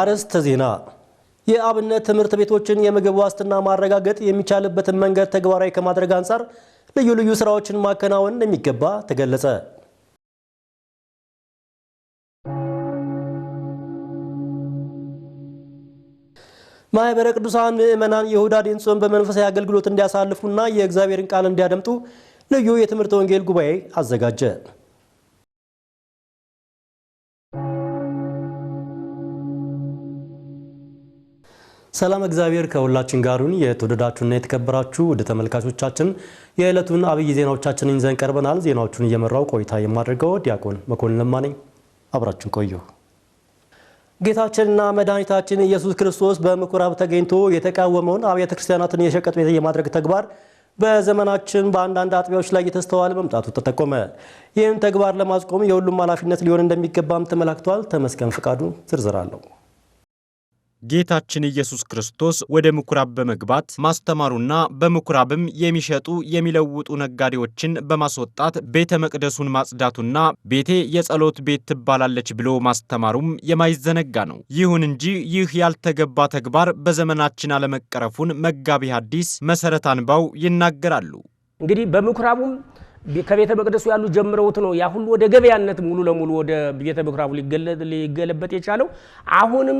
አርዕስተ ዜና የአብነት ትምህርት ቤቶችን የምግብ ዋስትና ማረጋገጥ የሚቻልበትን መንገድ ተግባራዊ ከማድረግ አንጻር ልዩ ልዩ ስራዎችን ማከናወን እንደሚገባ ተገለጸ። ማህበረ ቅዱሳን ምዕመናን የሁዳዴን ጾም በመንፈሳዊ አገልግሎት እንዲያሳልፉና የእግዚአብሔርን ቃል እንዲያደምጡ ልዩ የትምህርት ወንጌል ጉባኤ አዘጋጀ። ሰላም እግዚአብሔር ከሁላችን ጋሩን የተወደዳችሁና የተከበራችሁ ወደ ተመልካቾቻችን የዕለቱን አብይ ዜናዎቻችንን ይዘን ቀርበናል። ዜናዎቹን እየመራው ቆይታ የማደርገው ዲያቆን መኮንን ለማ ነኝ። አብራችን ቆዩ። ጌታችንና መድኃኒታችን ኢየሱስ ክርስቶስ በምኩራብ ተገኝቶ የተቃወመውን አብያተ ክርስቲያናትን የሸቀጥ ቤት የማድረግ ተግባር በዘመናችን በአንዳንድ አጥቢያዎች ላይ እየተስተዋለ መምጣቱ ተጠቆመ። ይህን ተግባር ለማስቆም የሁሉም ኃላፊነት ሊሆን እንደሚገባም ተመላክቷል። ተመስገን ፈቃዱ ዝርዝር አለው። ጌታችን ኢየሱስ ክርስቶስ ወደ ምኩራብ በመግባት ማስተማሩና በምኩራብም የሚሸጡ የሚለውጡ ነጋዴዎችን በማስወጣት ቤተ መቅደሱን ማጽዳቱና ቤቴ የጸሎት ቤት ትባላለች ብሎ ማስተማሩም የማይዘነጋ ነው። ይሁን እንጂ ይህ ያልተገባ ተግባር በዘመናችን አለመቀረፉን መጋቢ ሐዲስ መሰረት አንባው ይናገራሉ። እንግዲህ በምኩራቡም ከቤተ መቅደሱ ያሉ ጀምረውት ነው ያ ሁሉ ወደ ገበያነት ሙሉ ለሙሉ ወደ ቤተ ምኩራቡ ሊገለበጥ የቻለው። አሁንም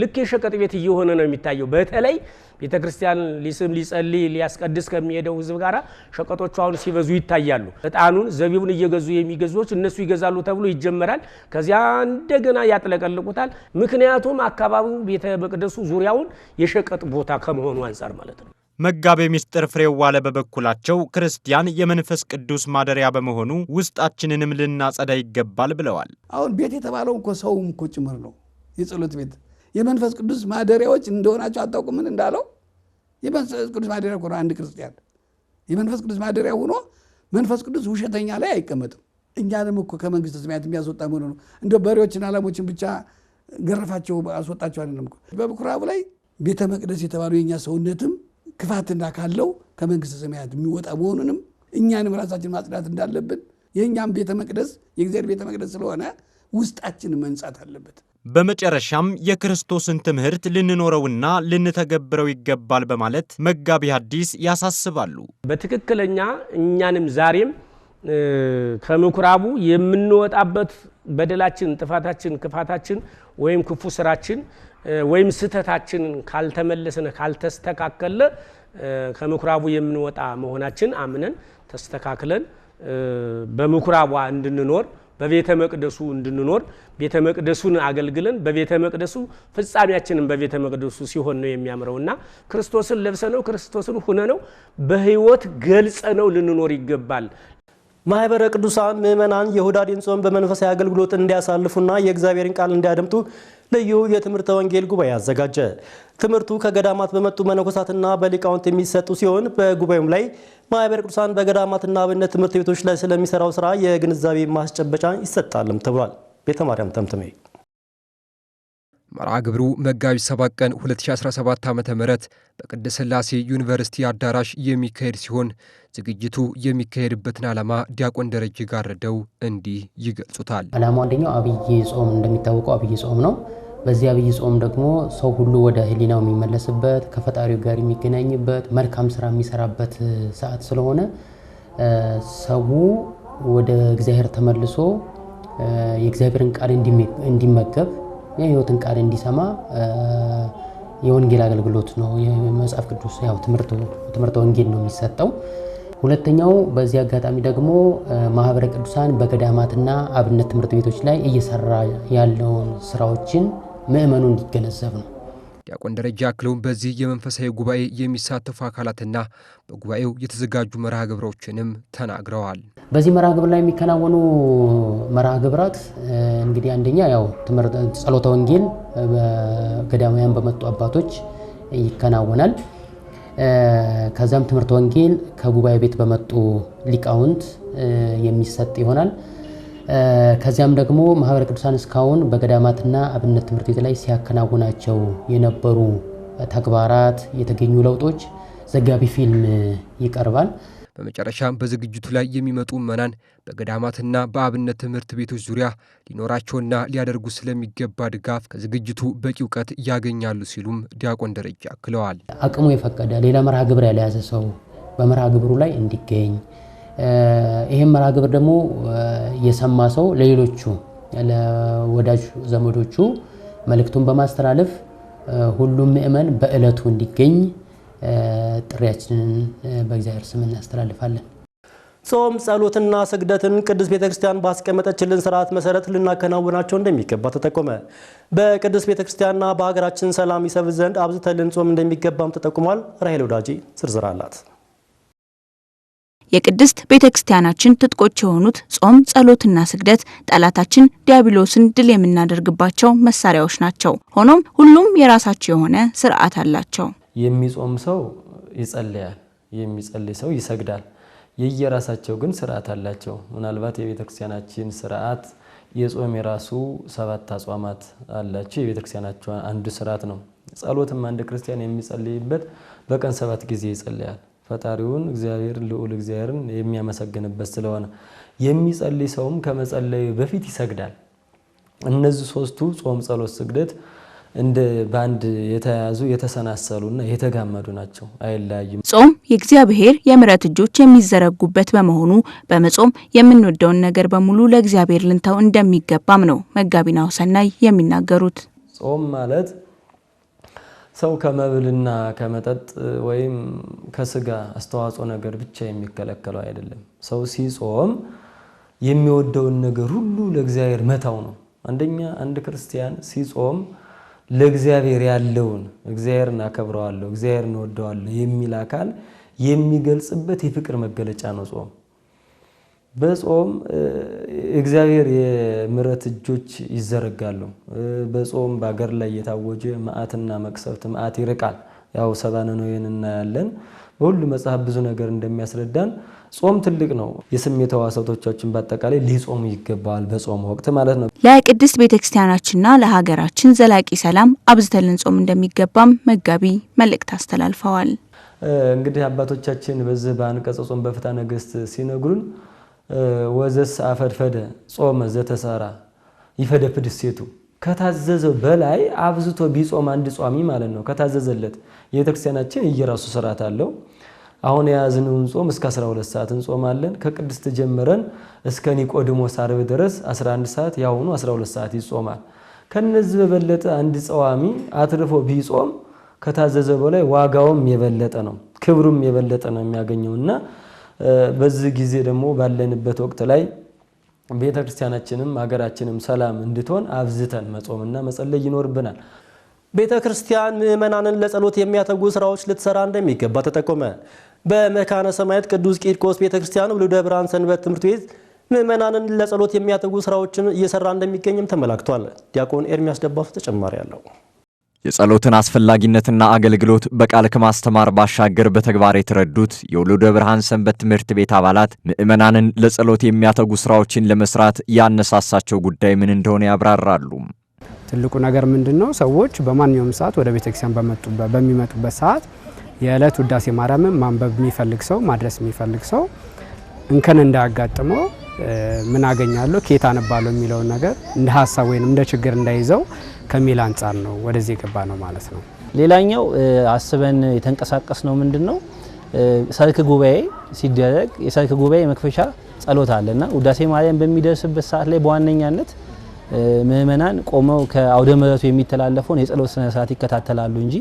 ልክ የሸቀጥ ቤት እየሆነ ነው የሚታየው። በተለይ ቤተ ክርስቲያን ሊስም ሊጸልይ ሊያስቀድስ ከሚሄደው ህዝብ ጋር ሸቀጦቹ አሁን ሲበዙ ይታያሉ። እጣኑን ዘቢቡን እየገዙ የሚገዙዎች እነሱ ይገዛሉ ተብሎ ይጀመራል። ከዚያ እንደገና ያጥለቀልቁታል። ምክንያቱም አካባቢው ቤተ መቅደሱ ዙሪያውን የሸቀጥ ቦታ ከመሆኑ አንጻር ማለት ነው። መጋቤ ምስጢር ፍሬው ዋለ በበኩላቸው ክርስቲያን የመንፈስ ቅዱስ ማደሪያ በመሆኑ ውስጣችንንም ልናጸዳ ይገባል ብለዋል። አሁን ቤት የተባለው እኮ ሰውም እኮ ጭምር ነው። የጸሎት ቤት የመንፈስ ቅዱስ ማደሪያዎች እንደሆናቸው አታውቁምን? እንዳለው የመንፈስ ቅዱስ ማደሪያ ሆነ። አንድ ክርስቲያን የመንፈስ ቅዱስ ማደሪያ ሆኖ መንፈስ ቅዱስ ውሸተኛ ላይ አይቀመጥም። እኛ ደግሞ እኮ ከመንግስት ሰማያት የሚያስወጣ መሆኑ ነው። እንደ በሬዎችን አላሞችን ብቻ ገረፋቸው አስወጣቸው አይደለም። በምኩራቡ ላይ ቤተ መቅደስ የተባለው የእኛ ሰውነትም ክፋትና ካለው ከመንግስት ሰማያት የሚወጣ መሆኑንም እኛንም ራሳችን ማጽዳት እንዳለብን የእኛም ቤተ መቅደስ የእግዚአብሔር ቤተ መቅደስ ስለሆነ ውስጣችን መንጻት አለበት። በመጨረሻም የክርስቶስን ትምህርት ልንኖረውና ልንተገብረው ይገባል በማለት መጋቢ ሐዲስ ያሳስባሉ። በትክክለኛ እኛንም ዛሬም ከምኩራቡ የምንወጣበት በደላችን፣ ጥፋታችን፣ ክፋታችን ወይም ክፉ ስራችን ወይም ስተታችን ካልተመለስን ካልተስተካከለ ከምኩራቡ የምንወጣ መሆናችን አምነን ተስተካክለን በምኩራቧ እንድንኖር በቤተ መቅደሱ እንድንኖር ቤተ መቅደሱን አገልግለን በቤተ መቅደሱ ፍጻሜያችንን በቤተ መቅደሱ ሲሆን ነው የሚያምረው ክርስቶስን ለብሰ ነው ክርስቶስን ሁነ ነው በህይወት ገልጸ ነው ልንኖር ይገባል። ማህበረ ቅዱሳን ምእመናን የሁዳዴን ጾም በመንፈሳዊ አገልግሎት እንዲያሳልፉና የእግዚአብሔርን ቃል እንዲያደምጡ ልዩ የትምህርተ ወንጌል ጉባኤ አዘጋጀ። ትምህርቱ ከገዳማት በመጡ መነኮሳትና በሊቃውንት የሚሰጡ ሲሆን በጉባኤውም ላይ ማህበረ ቅዱሳን በገዳማትና አብነት ትምህርት ቤቶች ላይ ስለሚሰራው ስራ የግንዛቤ ማስጨበጫ ይሰጣልም ተብሏል። ቤተማርያም ተምትሜ መርዓ ግብሩ መጋቢት 7 ቀን 2017 ዓ ም በቅድስት ሥላሴ ዩኒቨርሲቲ አዳራሽ የሚካሄድ ሲሆን ዝግጅቱ የሚካሄድበትን ዓላማ ዲያቆን ደረጀ ጋረደው እንዲህ ይገልጹታል። ዓላማው አንደኛው አብይ ጾም እንደሚታወቀው አብይ ጾም ነው። በዚህ አብይ ጾም ደግሞ ሰው ሁሉ ወደ ህሊናው የሚመለስበት ከፈጣሪው ጋር የሚገናኝበት መልካም ስራ የሚሰራበት ሰዓት ስለሆነ ሰው ወደ እግዚአብሔር ተመልሶ የእግዚአብሔርን ቃል እንዲመገብ የህይወትን ቃል እንዲሰማ የወንጌል አገልግሎት ነው። የመጽሐፍ ቅዱስ ያው ትምህርተ ወንጌል ነው የሚሰጠው። ሁለተኛው በዚህ አጋጣሚ ደግሞ ማህበረ ቅዱሳን በገዳማትና አብነት ትምህርት ቤቶች ላይ እየሰራ ያለውን ስራዎችን ምእመኑ እንዲገነዘብ ነው። ዲያቆን ደረጃ አክለውን በዚህ የመንፈሳዊ ጉባኤ የሚሳተፉ አካላትና በጉባኤው የተዘጋጁ መርሃ ግብሮችንም ተናግረዋል። በዚህ መርሃ ግብር ላይ የሚከናወኑ መርሃ ግብራት እንግዲህ አንደኛ ያው ጸሎተ ወንጌል ገዳማውያን በመጡ አባቶች ይከናወናል። ከዛም ትምህርት ወንጌል ከጉባኤ ቤት በመጡ ሊቃውንት የሚሰጥ ይሆናል። ከዚያም ደግሞ ማህበረ ቅዱሳን እስካሁን በገዳማትና አብነት ትምህርት ቤት ላይ ሲያከናውናቸው የነበሩ ተግባራት፣ የተገኙ ለውጦች ዘጋቢ ፊልም ይቀርባል። በመጨረሻም በዝግጅቱ ላይ የሚመጡ ምዕመናን በገዳማትና በአብነት ትምህርት ቤቶች ዙሪያ ሊኖራቸውና ሊያደርጉ ስለሚገባ ድጋፍ ከዝግጅቱ በቂ እውቀት ያገኛሉ ሲሉም ዲያቆን ደረጃ አክለዋል። አቅሙ የፈቀደ ሌላ መርሃ ግብር ያለያዘ ሰው በመርሃ ግብሩ ላይ እንዲገኝ ይህም መርሃ ግብር ደግሞ የሰማ ሰው ለሌሎቹ ለወዳጅ ዘመዶቹ መልእክቱን በማስተላለፍ ሁሉም ምእመን በእለቱ እንዲገኝ ጥሪያችንን በእግዚአብሔር ስም እናስተላልፋለን። ጾም፣ ጸሎትና ስግደትን ቅድስት ቤተክርስቲያን ባስቀመጠችልን ስርዓት መሰረት ልናከናውናቸው እንደሚገባ ተጠቆመ። በቅድስት ቤተክርስቲያንና በሀገራችን ሰላም ይሰብ ዘንድ አብዝተን ልንጾም እንደሚገባም ተጠቁሟል። ራሄል ወዳጂ ዝርዝር አላት። የቅድስት ቤተ ክርስቲያናችን ትጥቆች የሆኑት ጾም፣ ጸሎትና ስግደት ጠላታችን ዲያብሎስን ድል የምናደርግባቸው መሳሪያዎች ናቸው። ሆኖም ሁሉም የራሳቸው የሆነ ስርዓት አላቸው። የሚጾም ሰው ይጸልያል፣ የሚጸልይ ሰው ይሰግዳል። የየራሳቸው ግን ስርዓት አላቸው። ምናልባት የቤተክርስቲያናችን ስርዓት የጾም የራሱ ሰባት አጽዋማት አላቸው። የቤተክርስቲያናቸው አንዱ ስርዓት ነው። ጸሎትም አንድ ክርስቲያን የሚጸልይበት በቀን ሰባት ጊዜ ይጸልያል። ፈጣሪውን እግዚአብሔር ልዑል እግዚአብሔርን የሚያመሰግንበት ስለሆነ የሚጸልይ ሰውም ከመጸለዩ በፊት ይሰግዳል። እነዚህ ሶስቱ ጾም፣ ጸሎት፣ ስግደት እንደ በአንድ የተያዙ የተሰናሰሉና የተጋመዱ ናቸው፣ አይለያዩም። ጾም የእግዚአብሔር የምሕረት እጆች የሚዘረጉበት በመሆኑ በመጾም የምንወደውን ነገር በሙሉ ለእግዚአብሔር ልንተው እንደሚገባም ነው መጋቢ ናሁሰናይ የሚናገሩት። ጾም ማለት ሰው ከመብልና ከመጠጥ ወይም ከስጋ አስተዋጽኦ ነገር ብቻ የሚከለከለው አይደለም። ሰው ሲጾም የሚወደውን ነገር ሁሉ ለእግዚአብሔር መተው ነው። አንደኛ አንድ ክርስቲያን ሲጾም ለእግዚአብሔር ያለውን እግዚአብሔርን አከብረዋለሁ፣ እግዚአብሔርን እወደዋለሁ የሚል አካል የሚገልጽበት የፍቅር መገለጫ ነው ጾም። በጾም እግዚአብሔር የምሕረት እጆች ይዘረጋሉ። በጾም በአገር ላይ የታወጀ መዓትና መቅሰፍት መዓት ይርቃል። ያው ሰብአ ነነዌን እናያለን። በሁሉ መጽሐፍ ብዙ ነገር እንደሚያስረዳን ጾም ትልቅ ነው። የስሜት ሕዋሳቶቻችን በአጠቃላይ ሊጾሙ ይገባል፣ በጾም ወቅት ማለት ነው። ለቅድስት ቤተክርስቲያናችንና ለሀገራችን ዘላቂ ሰላም አብዝተን ልንጾም እንደሚገባም መጋቢ መልእክት አስተላልፈዋል። እንግዲህ አባቶቻችን በዚህ በአንቀጸ ጾም በፍትሐ ነገሥት ሲነግሩን ወዘስ አፈድፈደ ጾመ ዘተሰራ ይፈደፍድ ሴቱ ከታዘዘው በላይ አብዝቶ ቢጾም አንድ ጿሚ ማለት ነው። ከታዘዘለት የቤተክርስቲያናችን እየራሱ ስርዓት አለው። አሁን የያዝነውን ጾም እስከ 12 ሰዓት እንጾማለን። ከቅድስት ጀምረን እስከ ኒቆዲሞስ አርብ ድረስ 11 ሰዓት ያሁኑ 12 ሰዓት ይጾማል። ከነዚህ በበለጠ አንድ ጸዋሚ አትርፎ ቢጾም ከታዘዘ በላይ ዋጋውም የበለጠ ነው፣ ክብሩም የበለጠ ነው የሚያገኘውና በዚህ ጊዜ ደግሞ ባለንበት ወቅት ላይ ቤተ ክርስቲያናችንም ሀገራችንም ሰላም እንድትሆን አብዝተን መጾምና መጸለይ ይኖርብናል። ቤተ ክርስቲያን ምዕመናንን ለጸሎት የሚያተጉ ስራዎች ልትሰራ እንደሚገባ ተጠቆመ። በመካነ ሰማያት ቅዱስ ቂርቆስ ቤተክርስቲያን ብሉይ ብርሃን ሰንበት ትምህርት ቤት ምዕመናንን ለጸሎት የሚያተጉ ስራዎችን እየሰራ እንደሚገኝም ተመላክቷል። ዲያቆን ኤርሚያስ ደባፍ ተጨማሪ አለው። የጸሎትን አስፈላጊነትና አገልግሎት በቃል ከማስተማር ባሻገር በተግባር የተረዱት የውሉደ ብርሃን ሰንበት ትምህርት ቤት አባላት ምዕመናንን ለጸሎት የሚያተጉ ስራዎችን ለመስራት ያነሳሳቸው ጉዳይ ምን እንደሆነ ያብራራሉ። ትልቁ ነገር ምንድን ነው? ሰዎች በማንኛውም ሰዓት ወደ ቤተክርስቲያን በሚመጡበት ሰዓት የዕለት ውዳሴ ማርያምን ማንበብ የሚፈልግ ሰው ማድረስ የሚፈልግ ሰው እንከን እንዳያጋጥመው ምን አገኛለሁ ኬት አነባለሁ የሚለውን ነገር እንደ ሀሳብ ወይም እንደ ችግር እንዳይዘው ከሚል አንጻር ነው ወደዚህ የገባ ነው ማለት ነው። ሌላኛው አስበን የተንቀሳቀስ ነው ምንድን ነው ሰርክ ጉባኤ ሲደረግ የሰርክ ጉባኤ መክፈቻ ጸሎት አለ ውዳሴ ማርያም በሚደርስበት ሰዓት ላይ በዋነኛነት ምእመናን ቆመው ከአውደ ምሕረቱ የሚተላለፈውን የጸሎት ስነስርዓት ይከታተላሉ እንጂ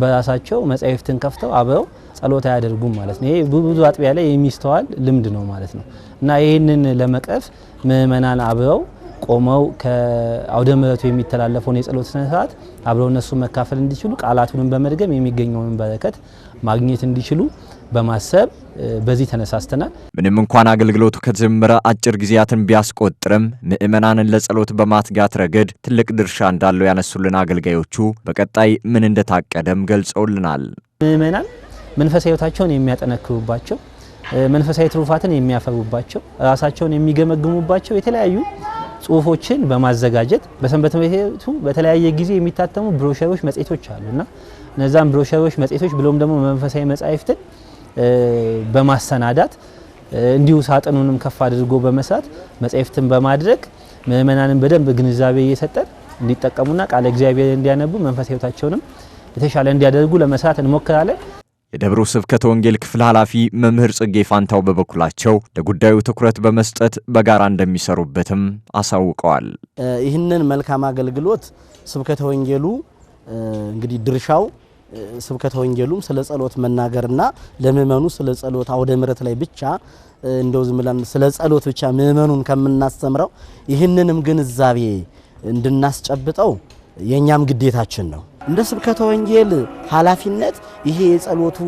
በራሳቸው መጻሕፍትን ከፍተው አብረው ጸሎት አያደርጉም ማለት ነው። ይሄ ብዙ አጥቢያ ላይ የሚስተዋል ልምድ ነው ማለት ነው እና ይህንን ለመቅረፍ ምእመናን አብረው ቆመው ከአውደ ምሕረቱ የሚተላለፈውን የጸሎት ስነስርዓት አብረው እነሱ መካፈል እንዲችሉ ቃላቱንም በመድገም የሚገኘውን በረከት ማግኘት እንዲችሉ በማሰብ በዚህ ተነሳስተናል። ምንም እንኳን አገልግሎቱ ከተጀመረ አጭር ጊዜያትን ቢያስቆጥርም ምዕመናንን ለጸሎት በማትጋት ረገድ ትልቅ ድርሻ እንዳለው ያነሱልን አገልጋዮቹ በቀጣይ ምን እንደታቀደም ገልጸውልናል። ምዕመናን መንፈሳዊ ሕይወታቸውን የሚያጠነክሩባቸው መንፈሳዊ ትሩፋትን የሚያፈሩባቸው ራሳቸውን የሚገመግሙባቸው የተለያዩ ጽሁፎችን በማዘጋጀት በሰንበት ቤቱ በተለያየ ጊዜ የሚታተሙ ብሮሸሮች፣ መጽሄቶች አሉና እነዛን ብሮሸሮች፣ መጽሔቶች ብሎም ደግሞ መንፈሳዊ መጻሕፍትን በማሰናዳት እንዲሁ ሳጥኑንም ከፍ አድርጎ በመስራት መጻሕፍትን በማድረግ ምእመናንን በደንብ ግንዛቤ እየሰጠን እንዲጠቀሙና ቃለ እግዚአብሔር እንዲያነቡ መንፈሳዊ ሕይወታቸውንም የተሻለ እንዲያደርጉ ለመስራት እንሞክራለን። የደብሮ ስብከተ ወንጌል ክፍል ኃላፊ መምህር ጽጌ ፋንታው በበኩላቸው ለጉዳዩ ትኩረት በመስጠት በጋራ እንደሚሰሩበትም አሳውቀዋል። ይህንን መልካም አገልግሎት ስብከተ ወንጌሉ እንግዲህ ድርሻው ስብከተ ወንጌሉም ስለ ጸሎት መናገርና ለምእመኑ ስለ ጸሎት አውደ ምረት ላይ ብቻ እንደው ዝም ብለን ስለ ጸሎት ብቻ ምእመኑን ከምናስተምረው ይህንንም ግንዛቤ እንድናስጨብጠው የእኛም ግዴታችን ነው። እንደ ስብከተ ወንጌል ኃላፊነት ይሄ የጸሎቱ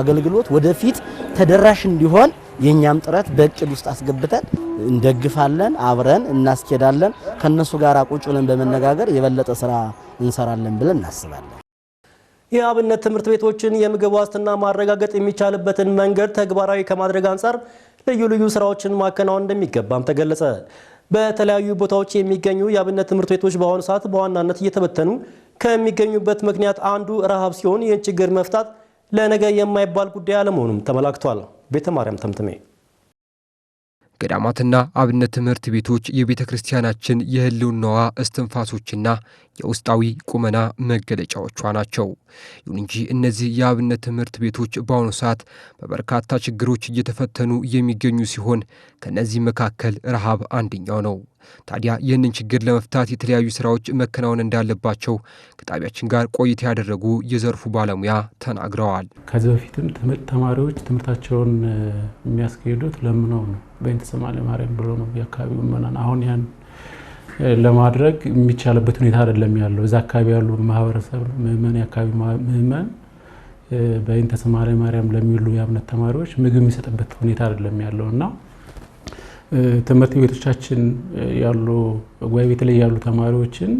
አገልግሎት ወደፊት ተደራሽ እንዲሆን የእኛም ጥረት በእቅድ ውስጥ አስገብተን እንደግፋለን፣ አብረን እናስኬዳለን። ከእነሱ ጋር ቁጭ ብለን በመነጋገር የበለጠ ስራ እንሰራለን ብለን እናስባለን። የአብነት ትምህርት ቤቶችን የምግብ ዋስትና ማረጋገጥ የሚቻልበትን መንገድ ተግባራዊ ከማድረግ አንጻር ልዩ ልዩ ስራዎችን ማከናወን እንደሚገባም ተገለጸ። በተለያዩ ቦታዎች የሚገኙ የአብነት ትምህርት ቤቶች በአሁኑ ሰዓት በዋናነት እየተበተኑ ከሚገኙበት ምክንያት አንዱ ረሃብ ሲሆን ይህን ችግር መፍታት ለነገ የማይባል ጉዳይ አለመሆኑም ተመላክቷል። ቤተ ማርያም ተምትሜ ገዳማትና አብነት ትምህርት ቤቶች የቤተ ክርስቲያናችን የህልውናዋ እስትንፋሶችና የውስጣዊ ቁመና መገለጫዎቿ ናቸው። ይሁን እንጂ እነዚህ የአብነት ትምህርት ቤቶች በአሁኑ ሰዓት በበርካታ ችግሮች እየተፈተኑ የሚገኙ ሲሆን ከእነዚህ መካከል ረሃብ አንደኛው ነው። ታዲያ ይህንን ችግር ለመፍታት የተለያዩ ስራዎች መከናወን እንዳለባቸው ከጣቢያችን ጋር ቆይታ ያደረጉ የዘርፉ ባለሙያ ተናግረዋል። ከዚህ በፊትም ተማሪዎች ትምህርታቸውን የሚያስኬዱት ለምነው ነው፣ በኢንተሰማ ለማርያም ብሎ ነው የአካባቢው ምዕመናን። አሁን ያን ለማድረግ የሚቻልበት ሁኔታ አይደለም ያለው። እዛ አካባቢ ያሉ ማህበረሰብ ምዕመን፣ የአካባቢ ምዕመን በኢንተሰማ ለማርያም ለሚሉ የአብነት ተማሪዎች ምግብ የሚሰጥበት ሁኔታ አይደለም ያለው እና ትምህርት ቤቶቻችን ያሉ ጉባኤ ቤት ላይ ያሉ ተማሪዎችን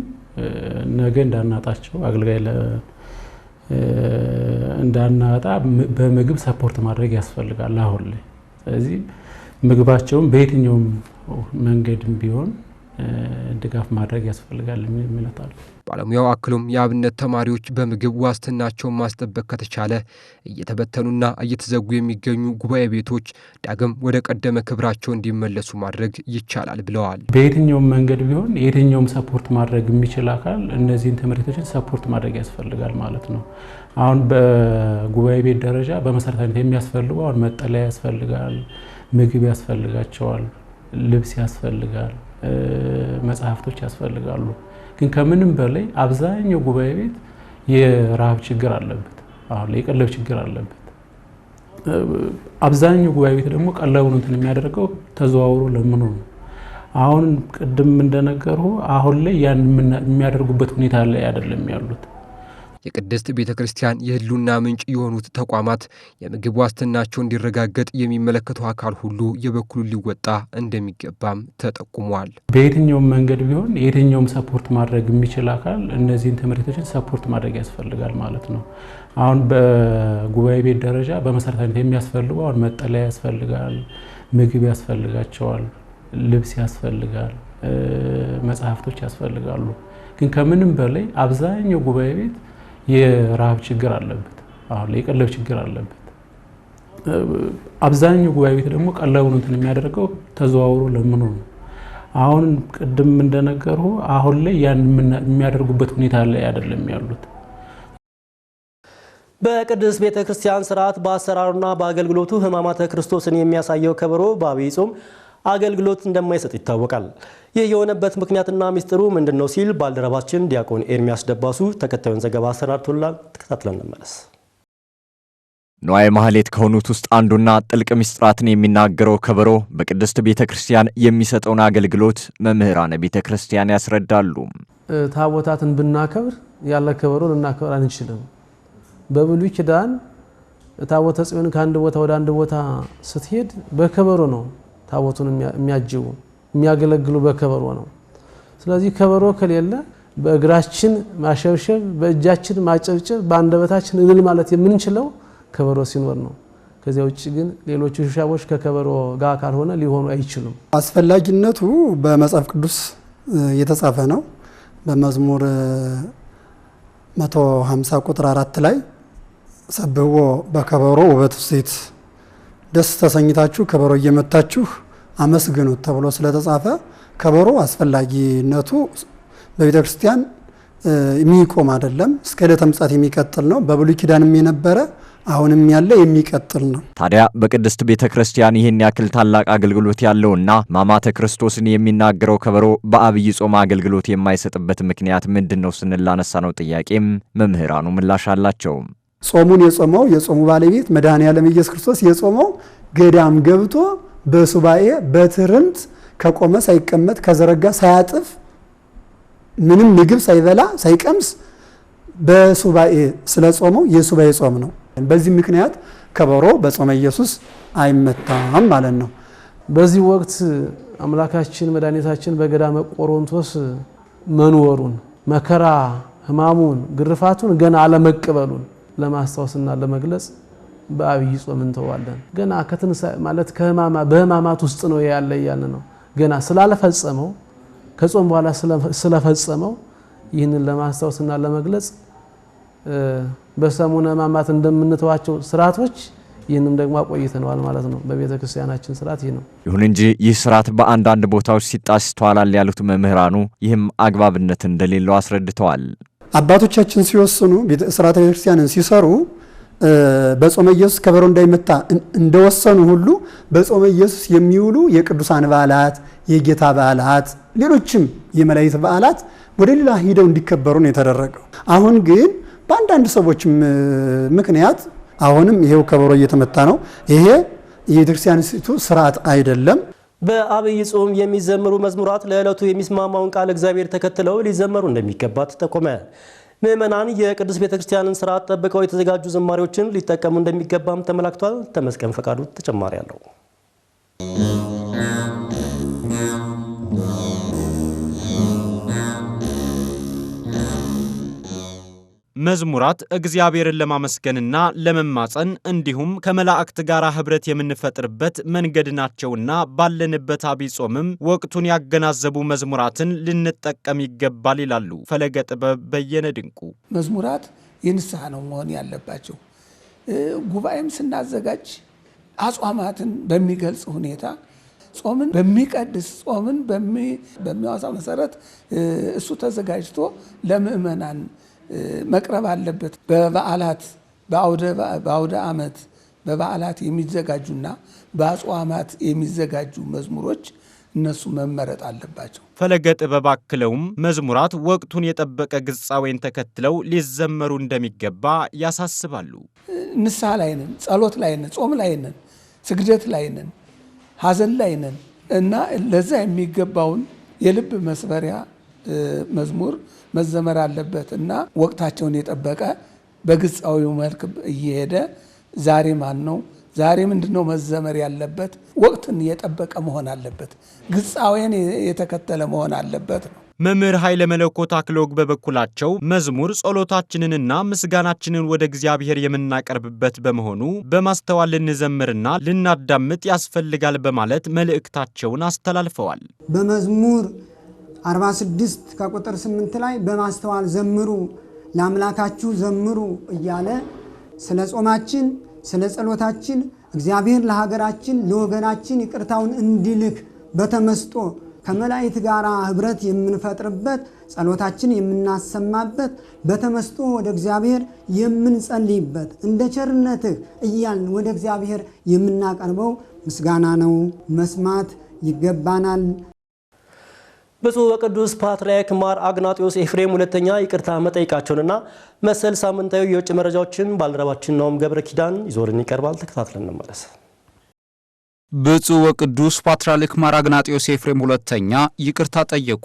ነገ እንዳናጣቸው አገልጋይ እንዳናጣ በምግብ ሰፖርት ማድረግ ያስፈልጋል አሁን ላይ። ስለዚህ ምግባቸውን በየትኛውም መንገድም ቢሆን ድጋፍ ማድረግ ያስፈልጋል የሚለታሉ። ባለሙያው አክሎም የአብነት ተማሪዎች በምግብ ዋስትናቸውን ማስጠበቅ ከተቻለ እየተበተኑና እየተዘጉ የሚገኙ ጉባኤ ቤቶች ዳግም ወደ ቀደመ ክብራቸው እንዲመለሱ ማድረግ ይቻላል ብለዋል። በየትኛውም መንገድ ቢሆን የትኛውም ሰፖርት ማድረግ የሚችል አካል እነዚህን ትምህርቶችን ሰፖርት ማድረግ ያስፈልጋል ማለት ነው። አሁን በጉባኤ ቤት ደረጃ በመሰረታዊነት የሚያስፈልጉ አሁን መጠለያ ያስፈልጋል፣ ምግብ ያስፈልጋቸዋል፣ ልብስ ያስፈልጋል መጽሐፍቶች ያስፈልጋሉ። ግን ከምንም በላይ አብዛኛው ጉባኤ ቤት የረሃብ ችግር አለበት። አሁን የቀለብ ችግር አለበት። አብዛኛው ጉባኤ ቤት ደግሞ ቀለቡን እንትን የሚያደርገው ተዘዋውሮ ለምኖ ነው። አሁን ቅድም እንደነገርሁ አሁን ላይ ያን የሚያደርጉበት ሁኔታ ላይ አይደለም ያሉት። የቅድስት ቤተ ክርስቲያን የህልውና ምንጭ የሆኑት ተቋማት የምግብ ዋስትናቸው እንዲረጋገጥ የሚመለከተው አካል ሁሉ የበኩሉ ሊወጣ እንደሚገባም ተጠቁሟል። በየትኛውም መንገድ ቢሆን የትኛውም ሰፖርት ማድረግ የሚችል አካል እነዚህን ትምህርቶችን ሰፖርት ማድረግ ያስፈልጋል ማለት ነው። አሁን በጉባኤ ቤት ደረጃ በመሰረታዊነት የሚያስፈልጉ አሁን መጠለያ ያስፈልጋል፣ ምግብ ያስፈልጋቸዋል፣ ልብስ ያስፈልጋል፣ መጽሐፍቶች ያስፈልጋሉ። ግን ከምንም በላይ አብዛኛው ጉባኤ ቤት የረሃብ ችግር አለበት። አሁን ላይ የቀለብ ችግር አለበት። አብዛኛው ጉባኤ ቤት ደግሞ ቀለብነትን የሚያደርገው ተዘዋውሮ ለምኖ ነው። አሁን ቅድም እንደነገሩ አሁን ላይ ያን የሚያደርጉበት ሁኔታ ላይ አይደለም ያሉት። በቅድስት ቤተ ክርስቲያን ስርዓት በአሰራሩና በአገልግሎቱ ሕማማተ ክርስቶስን የሚያሳየው ከበሮ በአብይ ጾም አገልግሎት እንደማይሰጥ ይታወቃል። ይህ የሆነበት ምክንያትና ሚስጥሩ ምንድን ነው ሲል ባልደረባችን ዲያቆን ኤርሚያስ ደባሱ ተከታዩን ዘገባ አሰራርቶላ ተከታትለን እንመለስ። ንዋየ ማህሌት ከሆኑት ውስጥ አንዱና ጥልቅ ምስጢራትን የሚናገረው ከበሮ በቅድስት ቤተ ክርስቲያን የሚሰጠውን አገልግሎት መምህራነ ቤተ ክርስቲያን ያስረዳሉ። ታቦታትን ብናከብር ያለ ከበሮ ልናከብር አንችልም። በብሉይ ኪዳን ታቦተ ጽዮን ከአንድ ቦታ ወደ አንድ ቦታ ስትሄድ በከበሮ ነው ታቦቱን የሚያጅቡ የሚያገለግሉ በከበሮ ነው። ስለዚህ ከበሮ ከሌለ በእግራችን ማሸብሸብ፣ በእጃችን ማጨብጨብ፣ በአንደበታችን እልል ማለት የምንችለው ከበሮ ሲኖር ነው። ከዚያ ውጭ ግን ሌሎቹ ሂሳቦች ከከበሮ ጋር ካልሆነ ሊሆኑ አይችሉም። አስፈላጊነቱ በመጽሐፍ ቅዱስ የተጻፈ ነው። በመዝሙር 150 ቁጥር አራት ላይ ሰብህዎ በከበሮ ውበት ሴት ደስ ተሰኝታችሁ ከበሮ እየመታችሁ አመስግኑት ተብሎ ስለተጻፈ ከበሮ አስፈላጊነቱ በቤተ ክርስቲያን የሚቆም አይደለም፣ እስከ ዕለተ ምጽአት የሚቀጥል ነው። በብሉይ ኪዳንም የነበረ አሁንም ያለ የሚቀጥል ነው። ታዲያ በቅድስት ቤተ ክርስቲያን ይህን ያክል ታላቅ አገልግሎት ያለውና ማማተ ክርስቶስን የሚናገረው ከበሮ በአብይ ጾም አገልግሎት የማይሰጥበት ምክንያት ምንድን ነው ስንል ነው ጥያቄም መምህራኑ ምላሽ አላቸው። ጾሙን የጾመው የጾሙ ባለቤት መድኃኔ ዓለም ኢየሱስ ክርስቶስ የጾመው ገዳም ገብቶ በሱባኤ በትርምት ከቆመ ሳይቀመጥ ከዘረጋ ሳያጥፍ ምንም ምግብ ሳይበላ ሳይቀምስ በሱባኤ ስለጾመው የሱባኤ ጾም ነው። በዚህ ምክንያት ከበሮ በጾመ ኢየሱስ አይመታም ማለት ነው። በዚህ ወቅት አምላካችን መድኃኒታችን በገዳመ ቆሮንቶስ መኖሩን መከራ ሕማሙን ግርፋቱን ገና አለመቀበሉን ለማስታወስና ለመግለጽ በአብይ ጾም እንተዋለን። ገና ከትንሣኤ ማለት በህማማት ውስጥ ነው ያለ እያለ ነው። ገና ስላልፈጸመው ከጾም በኋላ ስለፈጸመው ይህንን ለማስታወስና ለመግለጽ በሰሙነ ህማማት እንደምንተዋቸው ስርዓቶች ይህንም ደግሞ አቆይተነዋል ማለት ነው። በቤተ ክርስቲያናችን ስርዓት ይህ ነው። ይሁን እንጂ ይህ ስርዓት በአንዳንድ ቦታዎች ሲጣስ ይስተዋላል ያሉት መምህራኑ ይህም አግባብነት እንደሌለው አስረድተዋል። አባቶቻችን ሲወስኑ ስርዓተ ቤተክርስቲያንን ሲሰሩ በጾመ ኢየሱስ ከበሮ እንዳይመታ እንደወሰኑ ሁሉ በጾመ ኢየሱስ የሚውሉ የቅዱሳን በዓላት፣ የጌታ በዓላት፣ ሌሎችም የመላእክት በዓላት ወደ ሌላ ሂደው እንዲከበሩ ነው የተደረገው። አሁን ግን በአንዳንድ ሰዎች ምክንያት አሁንም ይሄው ከበሮ እየተመታ ነው። ይሄ የቤተክርስቲያኒቱ ስርዓት አይደለም። በአብይ ጾም የሚዘምሩ መዝሙራት ለዕለቱ የሚስማማውን ቃል እግዚአብሔር ተከትለው ሊዘመሩ እንደሚገባ ተጠቆመ። ምዕመናን የቅዱስ ቤተ ክርስቲያንን ስርዓት ጠብቀው የተዘጋጁ ዝማሬዎችን ሊጠቀሙ እንደሚገባም ተመላክቷል። ተመስገን ፈቃዱ ተጨማሪ አለው። መዝሙራት እግዚአብሔርን ለማመስገንና ለመማፀን እንዲሁም ከመላእክት ጋር ህብረት የምንፈጥርበት መንገድ ናቸውና ባለንበት አብይ ጾምም ወቅቱን ያገናዘቡ መዝሙራትን ልንጠቀም ይገባል ይላሉ ፈለገ ጥበብ በየነ ድንቁ። መዝሙራት የንስሐ ነው መሆን ያለባቸው። ጉባኤም ስናዘጋጅ አጽዋማትን በሚገልጽ ሁኔታ ጾምን በሚቀድስ ጾምን በሚያወሳ መሰረት እሱ ተዘጋጅቶ ለምእመናን መቅረብ አለበት። በበዓላት በአውደ ዓመት በበዓላት የሚዘጋጁና በአጽዋማት የሚዘጋጁ መዝሙሮች እነሱ መመረጥ አለባቸው። ፈለገ ጥበብ አክለውም መዝሙራት ወቅቱን የጠበቀ ግጻዌን ተከትለው ሊዘመሩ እንደሚገባ ያሳስባሉ። ንስሐ ላይ ነን፣ ጸሎት ላይ ነን፣ ጾም ላይ ነን፣ ስግደት ላይ ነን፣ ሐዘን ላይ ነን እና ለዛ የሚገባውን የልብ መስበሪያ መዝሙር መዘመር አለበት እና ወቅታቸውን የጠበቀ በግጻዊ መልክ እየሄደ ዛሬ ማን ነው ዛሬ ምንድን ነው መዘመር ያለበት? ወቅትን የጠበቀ መሆን አለበት። ግጻዊን የተከተለ መሆን አለበት ነው። መምህር ኃይለ መለኮት አክሎግ በበኩላቸው መዝሙር ጸሎታችንንና ምስጋናችንን ወደ እግዚአብሔር የምናቀርብበት በመሆኑ በማስተዋል ልንዘምርና ልናዳምጥ ያስፈልጋል በማለት መልእክታቸውን አስተላልፈዋል። በመዝሙር 46 ከቁጥር 8 ላይ በማስተዋል ዘምሩ ለአምላካችሁ ዘምሩ እያለ ስለ ጾማችን ስለ ጸሎታችን እግዚአብሔር ለሀገራችን ለወገናችን ይቅርታውን እንዲልክ በተመስጦ ከመላእክት ጋር ህብረት የምንፈጥርበት ጸሎታችን የምናሰማበት በተመስጦ ወደ እግዚአብሔር የምንጸልይበት እንደ ቸርነትህ እያልን ወደ እግዚአብሔር የምናቀርበው ምስጋና ነው። መስማት ይገባናል። ብፁዕ ወቅዱስ ፓትርያርክ ማር አግናጢዮስ ኤፍሬም ሁለተኛ ይቅርታ መጠይቃቸውንና መሰል ሳምንታዊ የውጭ መረጃዎችን ባልደረባችን ነውም ገብረ ኪዳን ይዞርን ይቀርባል። ተከታትለን እንመለስ። ብፁዕ ወቅዱስ ፓትርያርክ ማር አግናጢዮስ ኤፍሬም ሁለተኛ ይቅርታ ጠየቁ።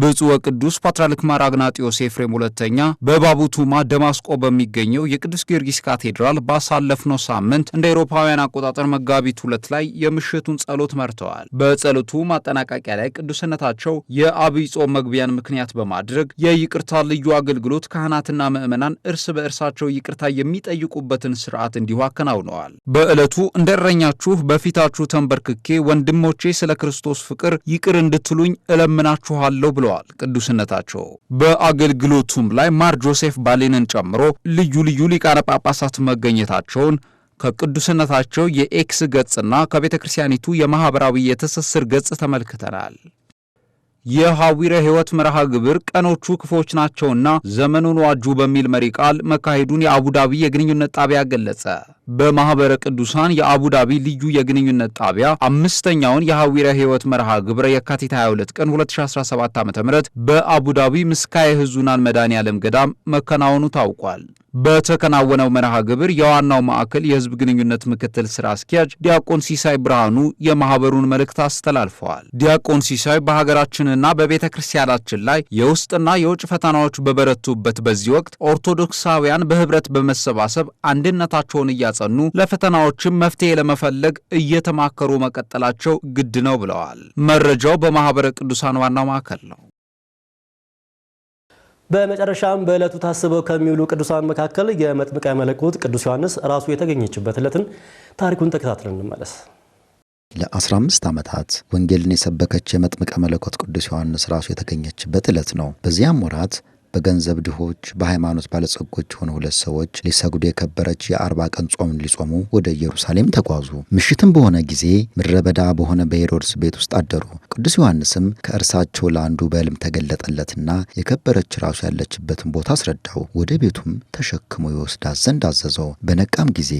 ብፁዕ ወቅዱስ ፓትርያርክ ማር አግናጢዮስ ኤፍሬም ሁለተኛ በባቡቱማ ደማስቆ በሚገኘው የቅዱስ ጊዮርጊስ ካቴድራል ባሳለፍነው ሳምንት እንደ አውሮፓውያን አቆጣጠር መጋቢት ሁለት ላይ የምሽቱን ጸሎት መርተዋል። በጸሎቱ ማጠናቀቂያ ላይ ቅዱስነታቸው የአብይ ጾም መግቢያን ምክንያት በማድረግ የይቅርታ ልዩ አገልግሎት ካህናትና ምዕመናን እርስ በእርሳቸው ይቅርታ የሚጠይቁበትን ስርዓት እንዲሁ አከናውነዋል። በዕለቱ እንደረኛችሁ በፊታችሁ ተንበርክኬ ወንድሞቼ ስለ ክርስቶስ ፍቅር ይቅር እንድትሉኝ እለምናችኋለሁ ብለዋል ቅዱስነታቸው። በአገልግሎቱም ላይ ማር ጆሴፍ ባሌንን ጨምሮ ልዩ ልዩ ሊቃነ ጳጳሳት መገኘታቸውን ከቅዱስነታቸው የኤክስ ገጽና ከቤተ ክርስቲያኒቱ የማኅበራዊ የትስስር ገጽ ተመልክተናል። የሐዊረ ሕይወት መርሃ ግብር ቀኖቹ ክፎች ናቸውና ዘመኑን ዋጁ በሚል መሪ ቃል መካሄዱን የአቡዳቢ የግንኙነት ጣቢያ ገለጸ። በማኅበረ ቅዱሳን የአቡዳቢ ልዩ የግንኙነት ጣቢያ አምስተኛውን የሐዊረ ሕይወት መርሃ ግብር የካቲት 22 ቀን 2017 ዓ ም በአቡዳቢ ምስካየ ሕዙናን መድኃኔ ዓለም ገዳም መከናወኑ ታውቋል። በተከናወነው መርሃ ግብር የዋናው ማዕከል የህዝብ ግንኙነት ምክትል ስራ አስኪያጅ ዲያቆን ሲሳይ ብርሃኑ የማህበሩን መልእክት አስተላልፈዋል። ዲያቆን ሲሳይ በሀገራችንና በቤተ ክርስቲያናችን ላይ የውስጥና የውጭ ፈተናዎች በበረቱበት በዚህ ወቅት ኦርቶዶክሳውያን በህብረት በመሰባሰብ አንድነታቸውን እያጸኑ ለፈተናዎችም መፍትሄ ለመፈለግ እየተማከሩ መቀጠላቸው ግድ ነው ብለዋል። መረጃው በማህበረ ቅዱሳን ዋናው ማዕከል ነው። በመጨረሻም በዕለቱ ታስበው ከሚውሉ ቅዱሳን መካከል የመጥምቀ መለኮት ቅዱስ ዮሐንስ ራሱ የተገኘችበት ዕለትን ታሪኩን ተከታትለን እንመለስ። ለ15 ዓመታት ወንጌልን የሰበከች የመጥምቀ መለኮት ቅዱስ ዮሐንስ ራሱ የተገኘችበት ዕለት ነው። በዚያም ወራት በገንዘብ ድሆች፣ በሃይማኖት ባለጸጎች የሆኑ ሁለት ሰዎች ሊሰግዱ የከበረች የአርባ ቀን ጾምን ሊጾሙ ወደ ኢየሩሳሌም ተጓዙ። ምሽትም በሆነ ጊዜ ምድረ በዳ በሆነ በሄሮድስ ቤት ውስጥ አደሩ። ቅዱስ ዮሐንስም ከእርሳቸው ለአንዱ በሕልም ተገለጠለትና የከበረች ራሱ ያለችበትን ቦታ አስረዳው። ወደ ቤቱም ተሸክሞ ይወስዳት ዘንድ አዘዘው። በነቃም ጊዜ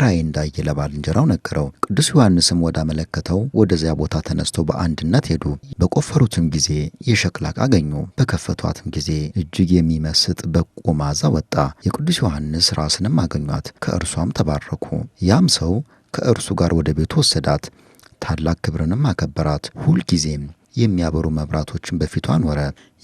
ራእይ እንዳየ ለባልንጀራው ነገረው። ቅዱስ ዮሐንስም ወዳመለከተው ወደዚያ ቦታ ተነስቶ በአንድነት ሄዱ። በቆፈሩትም ጊዜ የሸክላ ዕቃ አገኙ። በከፈቷትም ጊዜ እጅግ የሚመስጥ በጎ መዓዛ ወጣ። የቅዱስ ዮሐንስ ራስንም አገኟት፣ ከእርሷም ተባረኩ። ያም ሰው ከእርሱ ጋር ወደ ቤቱ ወሰዳት፣ ታላቅ ክብርንም አከበራት። ሁልጊዜም የሚያበሩ መብራቶችን በፊቷ አኖረ።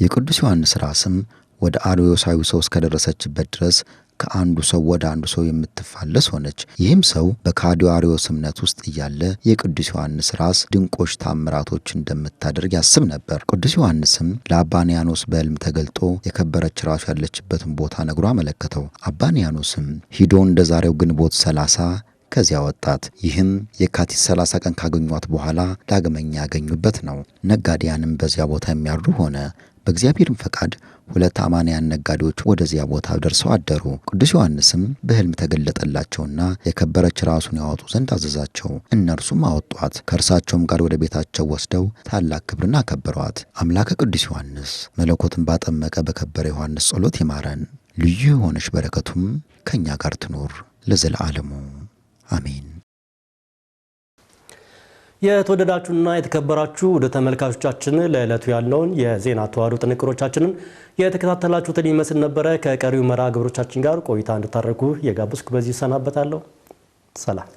የቅዱስ ዮሐንስ ራስም ወደ አርዮሳዊ ሰው እስከደረሰችበት ድረስ ከአንዱ ሰው ወደ አንዱ ሰው የምትፋለስ ሆነች። ይህም ሰው በካዲው አርዮስ እምነት ውስጥ እያለ የቅዱስ ዮሐንስ ራስ ድንቆች ታምራቶች እንደምታደርግ ያስብ ነበር። ቅዱስ ዮሐንስም ለአባንያኖስ በሕልም ተገልጦ የከበረች ራሱ ያለችበትን ቦታ ነግሮ አመለከተው። አባንያኖስም ሂዶ እንደ ዛሬው ግንቦት ሰላሳ ከዚያ ወጣት ይህም የካቲት 30 ቀን ካገኟት በኋላ ዳግመኛ ያገኙበት ነው። ነጋዴያንም በዚያ ቦታ የሚያርዱ ሆነ። በእግዚአብሔርም ፈቃድ ሁለት አማንያን ነጋዴዎች ወደዚያ ቦታ ደርሰው አደሩ። ቅዱስ ዮሐንስም በሕልም ተገለጠላቸውና የከበረች ራሱን ያወጡ ዘንድ አዘዛቸው። እነርሱም አወጧት። ከእርሳቸውም ጋር ወደ ቤታቸው ወስደው ታላቅ ክብርን አከበሯት። አምላከ ቅዱስ ዮሐንስ መለኮትን ባጠመቀ በከበረ ዮሐንስ ጸሎት ይማረን። ልዩ የሆነች በረከቱም ከእኛ ጋር ትኖር ለዘለዓለሙ አሜን። የተወደዳችሁና የተከበራችሁ ወደ ተመልካቾቻችን ለዕለቱ ያለውን የዜና ተዋዶ ጥንቅሮቻችንን የተከታተላችሁትን ይመስል ነበረ። ከቀሪው መርሃ ግብሮቻችን ጋር ቆይታ እንድታደርጉ የጋብዝኩ በዚህ ይሰናበታለሁ። ሰላም